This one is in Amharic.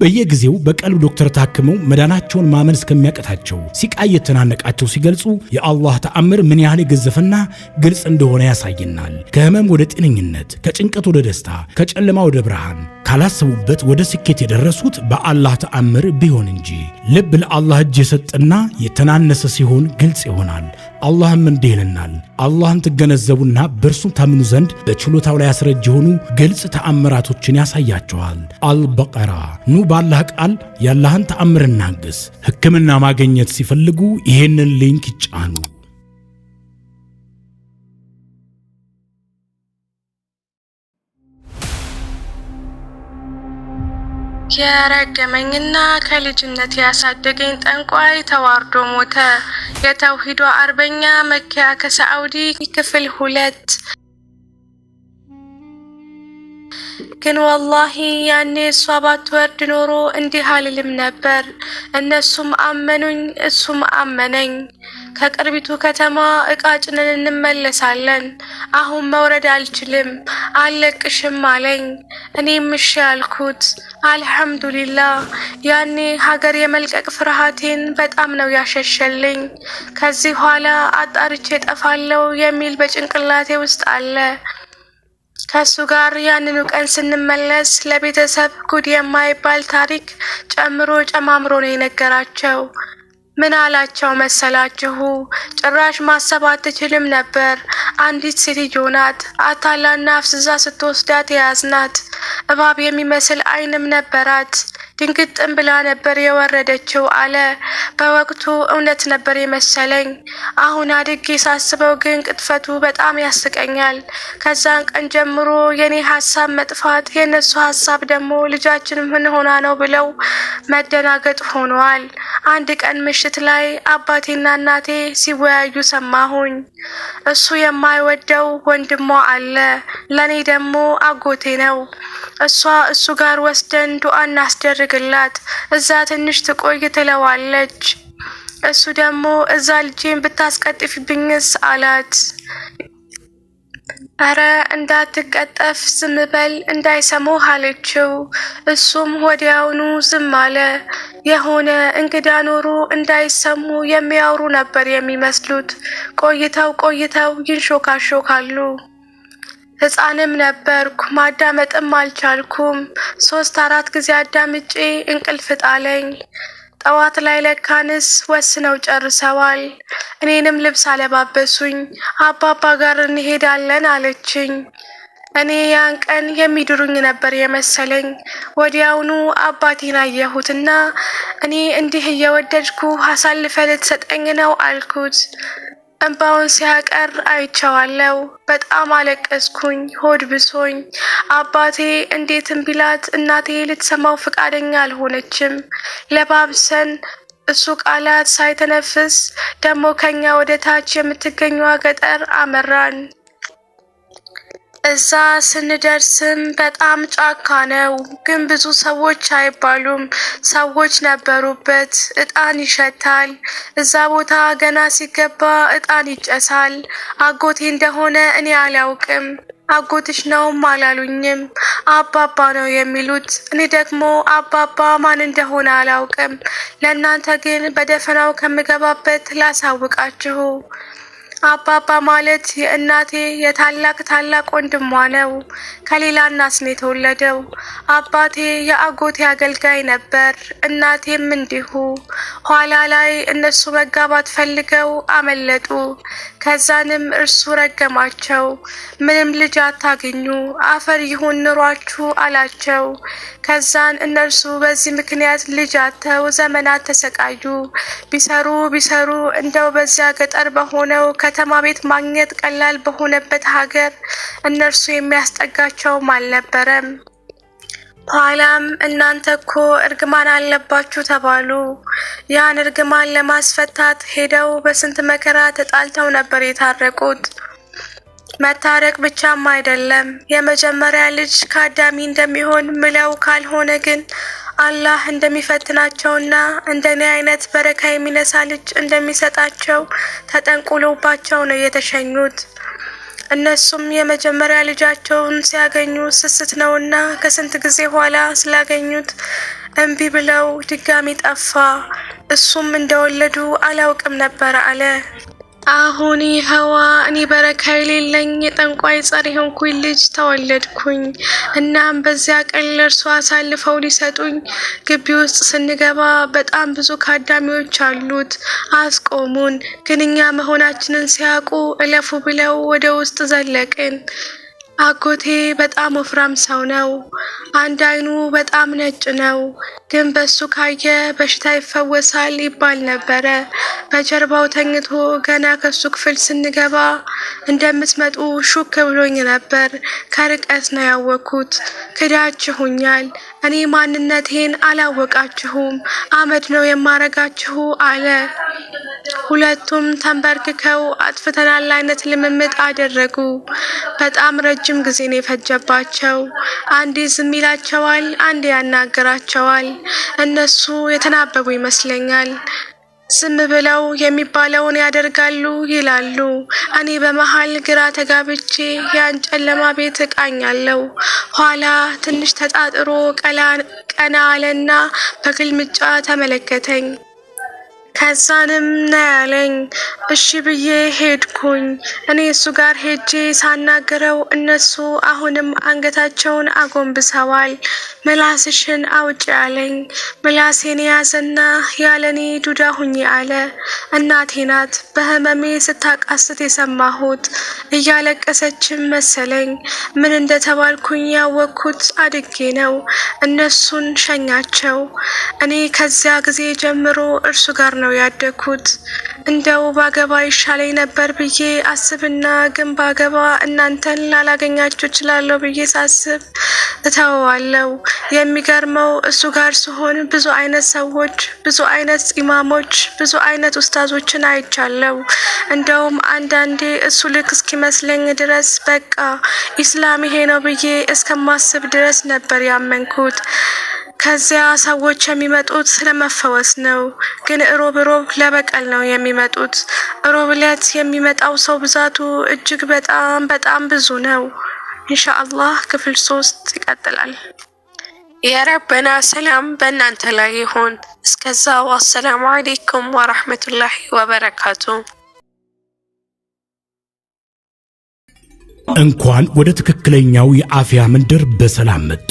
በየጊዜው በቀልብ ዶክተር ታክመው መዳናቸውን ማመን እስከሚያቀታቸው ሲቃይ የተናነቃቸው ሲገልጹ የአላህ ተአምር ምን ያህል የገዘፈና ግልጽ እንደሆነ ያሳይናል። ከህመም ወደ ጤነኝነት፣ ከጭንቀት ወደ ደስታ፣ ከጨለማ ወደ ብርሃን ካላሰቡበት ወደ ስኬት የደረሱት በአላህ ተአምር ቢሆን እንጂ። ልብ ለአላህ እጅ የሰጠና የተናነሰ ሲሆን ግልጽ ይሆናል። አላህም እንዲህ ይለናል፣ አላህን ትገነዘቡና በእርሱ ታምኑ ዘንድ በችሎታው ላይ ያስረጅ የሆኑ ግልጽ ተአምራቶችን ያሳያቸዋል። አልበቀራ ኑ ባላህ ቃል ያላህን ተአምር እናግስ። ሕክምና ማግኘት ሲፈልጉ ይሄንን ሊንክ ይጫኑ። የረገመኝና ከልጅነት ያሳደገኝ ጠንቋይ ተዋርዶ ሞተ። የተውሂዶ አርበኛ መኪያ ከሳዑዲ ክፍል ሁለት ግን ወላሂ ያኔ እሷ ባትወርድ ኖሮ እንዲህ አልልም ነበር። እነሱም አመኑኝ፣ እሱም አመነኝ። ከቅርቢቱ ከተማ እቃ ጭነን እንመለሳለን። አሁን መውረድ አልችልም፣ አልለቅሽም አለኝ። እኔም እሺ ያልኩት አልሐምዱሊላህ። ያኔ ሀገር የመልቀቅ ፍርሃቴን በጣም ነው ያሸሸልኝ። ከዚህ ኋላ አጣርቼ ጠፋለው የሚል በጭንቅላቴ ውስጥ አለ። ከሱ ጋር ያንኑ ቀን ስንመለስ ለቤተሰብ ጉድ የማይባል ታሪክ ጨምሮ ጨማምሮ ነው የነገራቸው። ምን አላቸው መሰላችሁ? ጭራሽ ማሰብ አትችልም ነበር። አንዲት ሴትዮ ናት አታላና አፍስዛ ስትወስዳት የያዝናት እባብ የሚመስል አይንም ነበራት። ድንግጥም ብላ ነበር የወረደችው አለ። በወቅቱ እውነት ነበር የመሰለኝ። አሁን አድጌ ሳስበው ግን ቅጥፈቱ በጣም ያስቀኛል። ከዛን ቀን ጀምሮ የኔ ሀሳብ መጥፋት፣ የእነሱ ሀሳብ ደግሞ ልጃችን ምን ሆና ነው ብለው መደናገጥ ሆኗል። አንድ ቀን ምሽት ላይ አባቴና እናቴ ሲወያዩ ሰማሁኝ። እሱ የማይወደው ወንድሟ አለ፣ ለእኔ ደግሞ አጎቴ ነው። እሷ እሱ ጋር ወስደን ዱአ እናስደርግላት፣ እዛ ትንሽ ትቆይ ትለዋለች። እሱ ደግሞ እዛ ልጄን ብታስቀጥፊብኝስ አላት። አረ እንዳትቀጠፍ ዝም በል እንዳይሰሙህ አለችው። እሱም ወዲያውኑ ዝም አለ። የሆነ እንግዳ ኖሮ እንዳይሰሙ የሚያወሩ ነበር የሚመስሉት። ቆይተው ቆይተው ይንሾካሾካሉ። ሕፃንም ነበርኩ ማዳመጥም አልቻልኩም። ሶስት አራት ጊዜ አዳምጬ እንቅልፍ ጣለኝ። ጠዋት ላይ ለካንስ ወስነው ጨርሰዋል። እኔንም ልብስ አለባበሱኝ። አባባ ጋር እንሄዳለን አለችኝ። እኔ ያን ቀን የሚድሩኝ ነበር የመሰለኝ። ወዲያውኑ አባቴን አየሁትና እኔ እንዲህ እየወደድኩ አሳልፈ ልትሰጠኝ ነው አልኩት። እንባውን ሲያቀር አይቸዋለው በጣም አለቀስኩኝ፣ ሆድ ብሶኝ። አባቴ እንዴትም ቢላት እናቴ ልትሰማው ፈቃደኛ አልሆነችም። ለባብሰን እሱ ቃላት ሳይተነፍስ ደግሞ ከኛ ወደ ታች የምትገኘዋ ገጠር አመራን። እዛ ስንደርስም በጣም ጫካ ነው፣ ግን ብዙ ሰዎች አይባሉም። ሰዎች ነበሩበት። እጣን ይሸታል። እዛ ቦታ ገና ሲገባ እጣን ይጨሳል። አጎቴ እንደሆነ እኔ አላውቅም። አጎትሽ ነውም አላሉኝም። አባባ ነው የሚሉት። እኔ ደግሞ አባባ ማን እንደሆነ አላውቅም። ለእናንተ ግን በደፈናው ከምገባበት ላሳውቃችሁ። አባባ ማለት የእናቴ የታላቅ ታላቅ ወንድሟ ነው። ከሌላ እናት ነው የተወለደው። አባቴ የአጎቴ አገልጋይ ነበር፣ እናቴም እንዲሁ። ኋላ ላይ እነሱ መጋባት ፈልገው አመለጡ። ከዛንም እርሱ ረገማቸው። ምንም ልጅ አታገኙ፣ አፈር ይሁን ኑሯችሁ አላቸው። ከዛን እነርሱ በዚህ ምክንያት ልጅ አተው ዘመናት ተሰቃዩ። ቢሰሩ ቢሰሩ እንደው በዚያ ገጠር በሆነው ከተማ ቤት ማግኘት ቀላል በሆነበት ሀገር እነርሱ የሚያስጠጋቸውም አልነበረም። በኋላም እናንተ እኮ እርግማን አለባችሁ ተባሉ። ያን እርግማን ለማስፈታት ሄደው በስንት መከራ ተጣልተው ነበር የታረቁት። መታረቅ ብቻም አይደለም፣ የመጀመሪያ ልጅ ከአዳሚ እንደሚሆን ምለው ካልሆነ ግን አላህ እንደሚፈትናቸውና እንደኔ አይነት በረካ የሚነሳ ልጅ እንደሚሰጣቸው ተጠንቁሎባቸው ነው የተሸኙት። እነሱም የመጀመሪያ ልጃቸውን ሲያገኙ ስስት ነውና ከስንት ጊዜ ኋላ ስላገኙት እምቢ ብለው ድጋሚ ጠፋ። እሱም እንደወለዱ አላውቅም ነበር አለ። አሁን ይኸዋ እኔ በረካ የሌለኝ የጠንቋይ ጸር የሆንኩኝ ልጅ ተወለድኩኝ። እናም በዚያ ቀን ለእርሱ አሳልፈው ሊሰጡኝ ግቢ ውስጥ ስንገባ በጣም ብዙ ካዳሚዎች አሉት። አስቆሙን፣ ግን እኛ መሆናችንን ሲያውቁ እለፉ ብለው ወደ ውስጥ ዘለቅን። አጎቴ በጣም ወፍራም ሰው ነው። አንድ አይኑ በጣም ነጭ ነው፣ ግን በሱ ካየ በሽታ ይፈወሳል ይባል ነበረ። በጀርባው ተኝቶ ገና ከሱ ክፍል ስንገባ እንደምትመጡ ሹክ ብሎኝ ነበር። ከርቀት ነው ያወኩት። ክዳችሁኛል። እኔ ማንነቴን አላወቃችሁም። አመድ ነው የማረጋችሁ አለ። ሁለቱም ተንበርክከው አጥፍተናል አይነት ልምምድ አደረጉ። በጣም ረጅም ጊዜ ነው የፈጀባቸው። አንዴ ዝም ይላቸዋል፣ አንዴ ያናገራቸዋል። እነሱ የተናበቡ ይመስለኛል። ዝም ብለው የሚባለውን ያደርጋሉ ይላሉ። እኔ በመሀል ግራ ተጋብቼ ያን ጨለማ ቤት እቃኛለሁ። ኋላ ትንሽ ተጣጥሮ ቀና አለና በግልምጫ ተመለከተኝ። ከዛንም ና ያለኝ። እሺ ብዬ ሄድኩኝ። እኔ እሱ ጋር ሄጄ ሳናግረው እነሱ አሁንም አንገታቸውን አጎንብሰዋል። ምላስሽን አውጭ አለኝ። ምላሴን የያዘና ያለኔ ዱዳ ሁኝ አለ። እናቴ ናት በህመሜ ስታቃስት የሰማሁት። እያለቀሰችም መሰለኝ ምን እንደተባልኩኝ ያወቅኩት አድጌ ነው። እነሱን ሸኛቸው። እኔ ከዚያ ጊዜ ጀምሮ እርሱ ጋር ነው ነው ያደግኩት። እንደው ባገባ ይሻለኝ ነበር ብዬ አስብና ግን ባገባ እናንተን ላላገኛችሁ እችላለሁ ብዬ ሳስብ እተወዋለሁ። የሚገርመው እሱ ጋር ስሆን ብዙ አይነት ሰዎች፣ ብዙ አይነት ኢማሞች፣ ብዙ አይነት ኡስታዞችን አይቻለው። እንደውም አንዳንዴ እሱ ልክ እስኪመስለኝ ድረስ በቃ ኢስላም ይሄ ነው ብዬ እስከማስብ ድረስ ነበር ያመንኩት። ከዚያ ሰዎች የሚመጡት ስለመፈወስ ነው፣ ግን እሮብ እሮብ ለበቀል ነው የሚመጡት። እሮብ ዕለት የሚመጣው ሰው ብዛቱ እጅግ በጣም በጣም ብዙ ነው። ኢንሻአላህ ክፍል ሶስት ይቀጥላል። የረበና ሰላም በእናንተ ላይ ይሁን። እስከዛው አሰላሙ አሌይኩም ወራህመቱላሂ ወበረካቱ። እንኳን ወደ ትክክለኛው የአፍያ መንደር በሰላም መጡ።